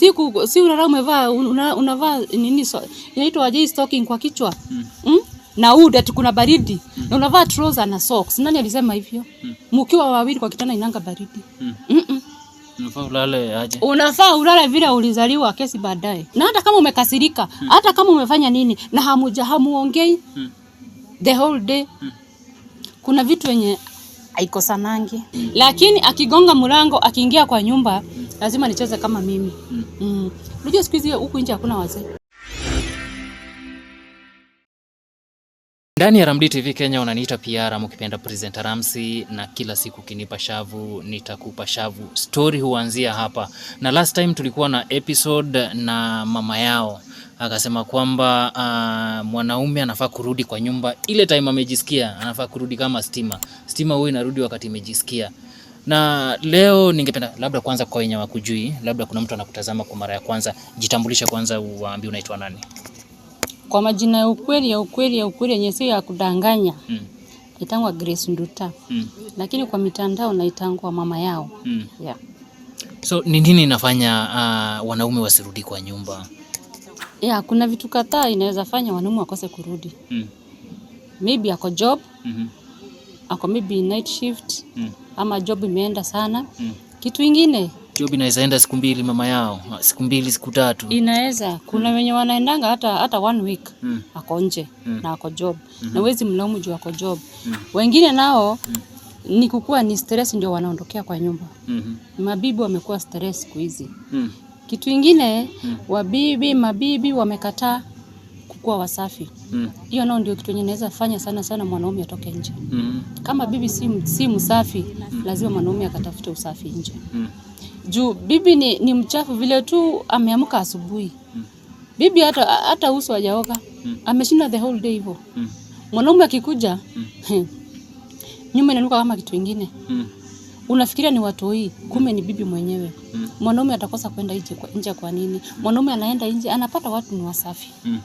siku si unalala umevaa unavaa nini so, inaitwa je stocking kwa kichwa mm. Mm? na ud ati kuna baridi mm. na unavaa trouser na socks. Nani alisema hivyo? Hmm. mkiwa mm. wawili kwa kitanda inanga baridi mm. Mm -mm. Unafaa ulale aje? Unafaa ulale vile ulizaliwa, kesi baadaye. Na hata kama umekasirika hmm. hata kama umefanya nini na hamuja hamuongei hmm. the whole day hmm. kuna vitu yenye haiko sanangi hmm. lakini akigonga mlango akiingia kwa nyumba lazima nicheze kama mimi. Mm. Unajua siku hizi huku nje hakuna wazee. Ndani ya Ramdi TV Kenya unaniita PR ama ukipenda presenter Ramsi, na kila siku kinipa shavu nitakupa shavu. Story huanzia hapa, na last time tulikuwa na episode na mama yao akasema kwamba uh, mwanaume anafaa kurudi kwa nyumba ile time amejisikia, anafaa kurudi kama stima. Stima huyu inarudi wakati imejisikia. Na leo ningependa labda kwanza, kwa wenye wakujui, labda kuna mtu anakutazama kwa mara ya kwanza, jitambulisha kwanza, uwaambie unaitwa nani kwa majina ya ukweli ya ukweli ya ukweli yenye sio ya kudanganya mm. Naitangwa Grace Nduta mm. Lakini kwa mitandao naitangwa mama yao mm. yeah. So ni nini inafanya uh, wanaume wasirudi kwa nyumba? Yeah, kuna vitu kadhaa inaweza fanya wanaume wakose kurudi mm. Maybe ako job mm -hmm. Ako maybe night shift mm ama job imeenda sana mm. Kitu ingine job inaweza enda siku mbili, mama yao siku mbili siku tatu inaweza. Kuna mm. wenye wanaendanga hata, hata one week mm. ako nje mm. na ako job mm -hmm. na wezi mlaumu juu ako job mm. wengine nao mm. ni kukua ni stress ndio wanaondokea kwa nyumba mm -hmm. mabibi wamekuwa stress siku hizi mm. Kitu ingine mm. wabibi mabibi wamekataa kuwa wasafi mm. hiyo, mm. nao ndio kitu yenye naweza fanya sana sana mwanaume atoke nje mm. kama bibi si, si msafi mm. lazima mwanaume akatafute usafi nje mm. juu bibi ni, ni mchafu vile tu ameamka asubuhi mm. bibi hata, hata uso hajaoga mm. ameshinda the whole day hivyo mm. mwanaume akikuja mm. nyuma inanuka kama kitu ingine mm. Unafikiria ni watoi, kume ni bibi mwenyewe. Mm. Mwanaume atakosa kwenda nje kwa nini? Mwanaume anaenda nje, anapata watu ni wasafi. Mm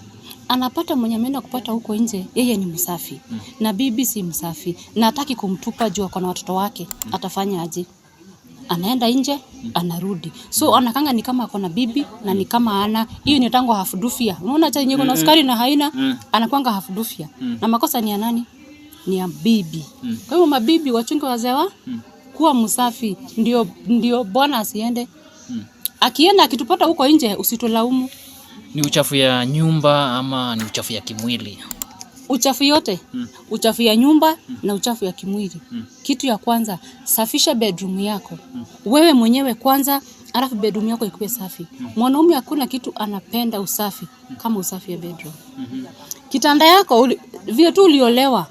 anapata mwenye ameenda kupata huko nje, yeye ni msafi mm. na bibi si msafi na hataki kumtupa juu akona watoto wake mm. atafanya aje? Anaenda nje mm. anarudi, so mm. anakanga ni kama akona bibi na ni kama ana hiyo, ni tango hafudufia. Unaona cha yenyewe kuna sukari na haina, mm. anakwanga hafudufia na makosa ni ya nani? Ni ya bibi. Kwa hiyo mabibi wachunge wazee wa kuwa msafi, ndio ndio bwana asiende. Akienda akitupata huko nje, usitulaumu. Ni uchafu ya nyumba ama ni uchafu ya kimwili? Uchafu yote hmm. Uchafu ya nyumba hmm. na uchafu ya kimwili hmm. Kitu ya kwanza, safisha bedroom yako hmm. Wewe mwenyewe kwanza, alafu bedroom yako ikuwe safi hmm. Mwanaume hakuna kitu anapenda usafi hmm. kama usafi ya bedroom hmm. Kitanda yako vile tu uliolewa,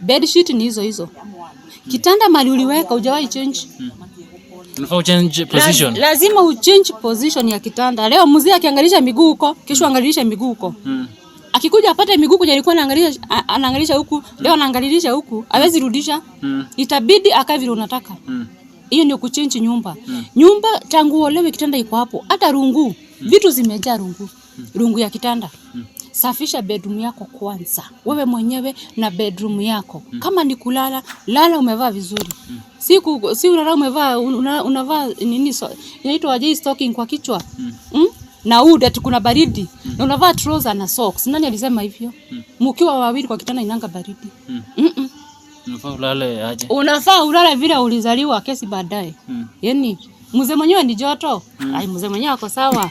bedsheet ni hizo hizo hmm. Kitanda mali uliweka, hujawahi change hmm. Unafaa uchange position. Laz, lazima uchange position ya kitanda. Leo mzee akiangalisha miguu huko, kesho angalisha miguu huko. Mm. Akikuja apate miguu kwenye alikuwa anaangalisha anaangalisha huku, leo anaangalisha huku, hawezi rudisha. Mm. Itabidi akae vile unataka. Mm. Hiyo ni kuchange nyumba. Mm. Nyumba tangu olewe kitanda iko hapo, hata rungu vitu zimejaa rungu rungu ya kitanda Safisha bedroom yako kwanza, wewe mwenyewe na bedroom yako mm. Kama ni kulala, lala umevaa vizuri mm. Siku si unalala umevaa una, unavaa nini so, inaitwa je stocking kwa kichwa mm. Mm? na ud ati kuna baridi mm. na unavaa trouser na socks. Nani alisema hivyo? Mkiwa wawili kwa kitanda inanga baridi mm. Mm -mm. Unafaa ulale aje? Unafaa ulale vile ulizaliwa, kesi baadaye mm. yani mzee mwenyewe ni joto. Mm. Ai, mzee mwenyewe ako sawa.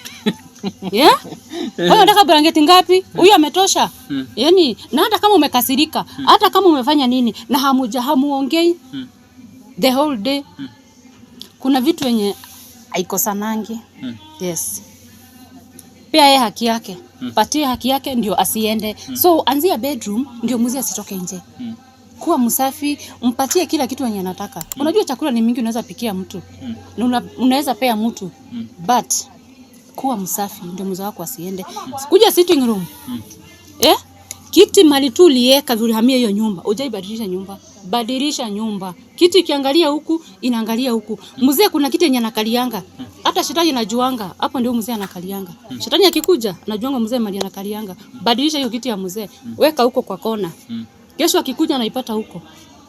Yeah? Wewe unataka blanketi ngapi? Mm. Huyu ametosha. Mm. Yaani na hata kama umekasirika, mm. hata kama umefanya nini na hamuja hamuongei. Mm. The whole day. Mm. Kuna vitu wenye aikosanangi. Mm. Yes. Pia yeye haki yake. Mm. Patie haki yake ndio asiende. Mm. So anzia bedroom ndio mzee asitoke nje. Mm kuwa msafi, mpatie kila kitu yenye anataka. Mm. Unajua chakula ni mingi, unaweza pikia mtu mm. una, unaweza pea mtu mm. but kuwa msafi ndio mzee wako asiende. Hmm. Kuja sitting room mm. eh, kiti mali tu lieka vilihamia hiyo nyumba, ujaibadilisha nyumba badilisha nyumba. Kiti kiangalia huku inaangalia huku. Mzee kuna kiti yenye anakalianga. Hmm. Hata shetani anajuanga. Hapo ndio mzee anakalianga. Hmm. Shetani akikuja anajuanga mzee mali anakalianga. Badilisha hiyo kiti ya mzee. Weka huko kwa kona kesho akikuja anaipata huko.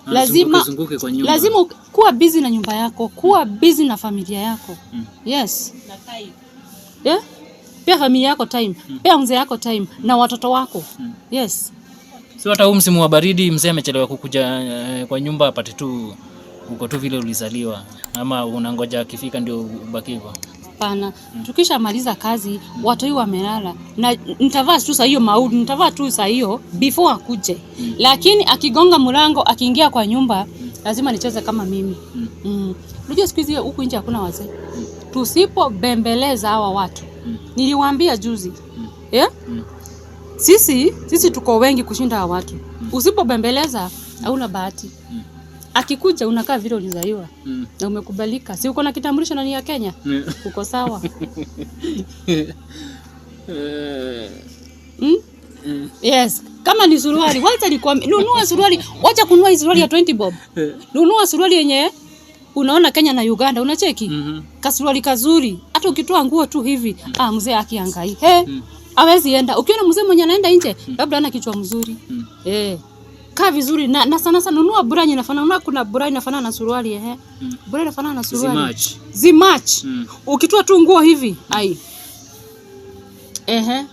Ah, lazima, lazima kuwa busy na nyumba yako, kuwa busy na familia yako mm. Yes na time. Yeah? Pia familia yako time mm. Pia mzee yako time mm. na watoto wako mm. Yes, si hata huu msimu wa baridi mzee amechelewa kukuja eh, kwa nyumba apate tu uko tu vile ulizaliwa, ama unangoja akifika ndio ubakiwa Hapana, tukishamaliza kazi watoi wamelala, na nitavaa tu saa hiyo maudi, nitavaa tu saa hiyo before akuje. Lakini akigonga mlango akiingia kwa nyumba lazima nicheze kama mimi. Mm. Unajua siku hizi huku nje hakuna wazee. Tusipobembeleza hawa watu, niliwaambia juzi yeah? Sisi sisi tuko wengi kushinda hawa watu. Usipobembeleza hauna bahati akikuja unakaa vile ulizaliwa mm. na umekubalika, si uko na kitambulisho na ni ya Kenya yeah. Mm. uko sawa mm? mm. Yes, kama ni suruali wacha nikwambie, nunua suruali, wacha kunua suruali ya 20 bob, eh. nunua suruali yenye unaona Kenya na Uganda unacheki mm -hmm. kasuruali kazuri, hata ukitoa nguo tu hivi mm ah, mzee akiangai he mm awezi enda. Ukiona mzee mwenye anaenda nje mm. labda mm ana kichwa mzuri mm Eh. Hey kaa vizuri na, na sana sana nunua brand inafanana. Unaona kuna brand inafanana na suruali ehe. Mm. Brand inafanana na suruali. Zimatch. Zimatch. Mm. Ukitoa tu nguo hivi, ai. Ehe.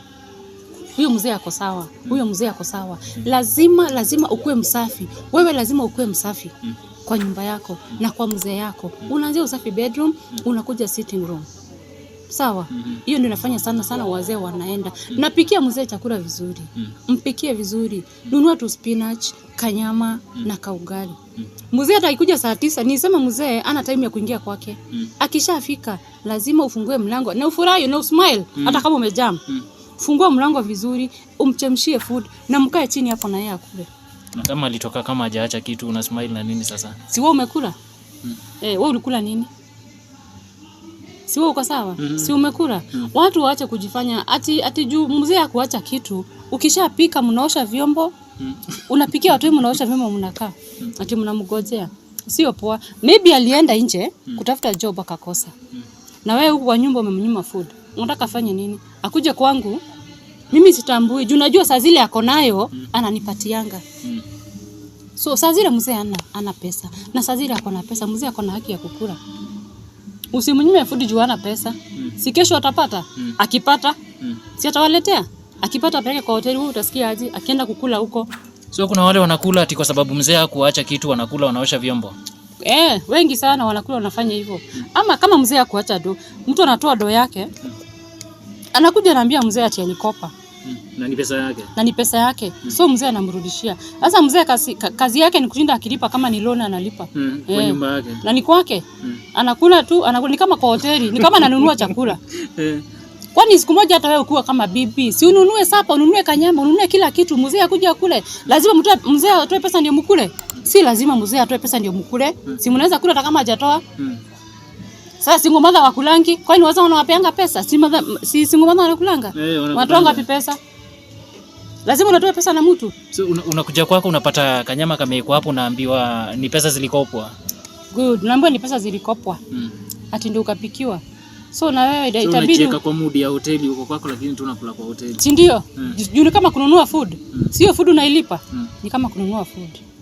Huyo mzee ako sawa. Huyo mm. mzee ako sawa. Mm. Lazima lazima ukuwe msafi. Wewe lazima ukuwe msafi. Mm. Kwa nyumba yako mm. na kwa mzee yako. Mm. Unaanzia usafi bedroom, unakuja sitting room sawa. mm -hmm. Hiyo ndio nafanya sana sana, wazee wanaenda mm -hmm. Napikia mzee chakula vizuri mm -hmm. Mpikie vizuri, nunua tu spinach, kanyama mm -hmm. na kaugali mhm. mzee mm -hmm. atakuja saa tisa nisema mzee ana time ya kuingia kwake mm -hmm. Akishafika lazima ufungue mlango na ufurahi na usmile mm hata -hmm. kama umejam mm -hmm. Fungua mlango vizuri, umchemshie food na mkae chini hapo na yeye akule na kama alitoka kama hajaacha kitu, una smile na nini sasa? Si wewe umekula? Mm. -hmm. Eh, wewe ulikula nini? si wewe uko sawa mm -hmm. si umekula mm -hmm. watu waache kujifanya ati, ati juu mzee akuacha kitu ukishapika mnaosha vyombo mm -hmm. unapikia watu mnaosha vyombo mnakaa mm -hmm. ati mnamgojea sio poa maybe alienda nje mm -hmm. kutafuta job akakosa mm -hmm. na wewe huko kwa nyumba umemnyima food unataka afanye nini akuje kwangu mimi sitambui juu najua saa zile ako nayo mm. ananipatianga mm. so saa zile mzee ana, ana pesa na saa zile ako na pesa mzee ako na haki ya kukula mm Mm. usimnyime fudi juu hana pesa mm. si kesho atapata mm. akipata mm. si atawaletea akipata apeleke kwa hoteli, wewe utasikia aje akienda kukula huko? sio kuna wale wanakula ati kwa sababu mzee hakuacha kitu, wanakula wanaosha vyombo eh, wengi sana wanakula wanafanya hivyo mm. ama kama mzee hakuacha do, mtu anatoa do yake, mm. anakuja anaambia mzee ati alikopa na ni pesa yake, na ni pesa yake mm. So mzee anamrudishia sasa. Mzee kazi, kazi yake ni kushinda akilipa, kama ni loan analipa mm. Kwa eh, nyumba yake na ni kwake mm. Anakula tu anakula, ni kama kwa hoteli, ni kama ananunua chakula eh. Kwani siku moja hata wewe ukiwa kama bibi, si ununue sapa, ununue kanyama, ununue kila kitu, mzee akuja kule. Lazima mtoe mzee atoe pesa ndio mkule. Si lazima mzee atoe pesa ndio mkule. Hmm. Si mnaweza kula hata kama hajatoa. Hmm. Sasa single mother kulangi, kwani wazao wanawapeanga pesa? Si mother, si single mother kulanga? Hey, eh, wanatoa ngapi pesa? lazima unatoa pesa na mtu. So, unakuja una kwako unapata kanyama kamewekwa hapo, unaambiwa ni pesa zilikopwa. Good, naambiwa ni pesa zilikopwa. Mm. Ati ndio ukapikiwa. So na wewe so, itabidi kwa mudi ya hoteli uko kwako, lakini tunakula kwa hoteli. Si ndio? Mm. Juu ni kama kununua food. Mm. Sio food unailipa. Mm. Ni kama kununua food.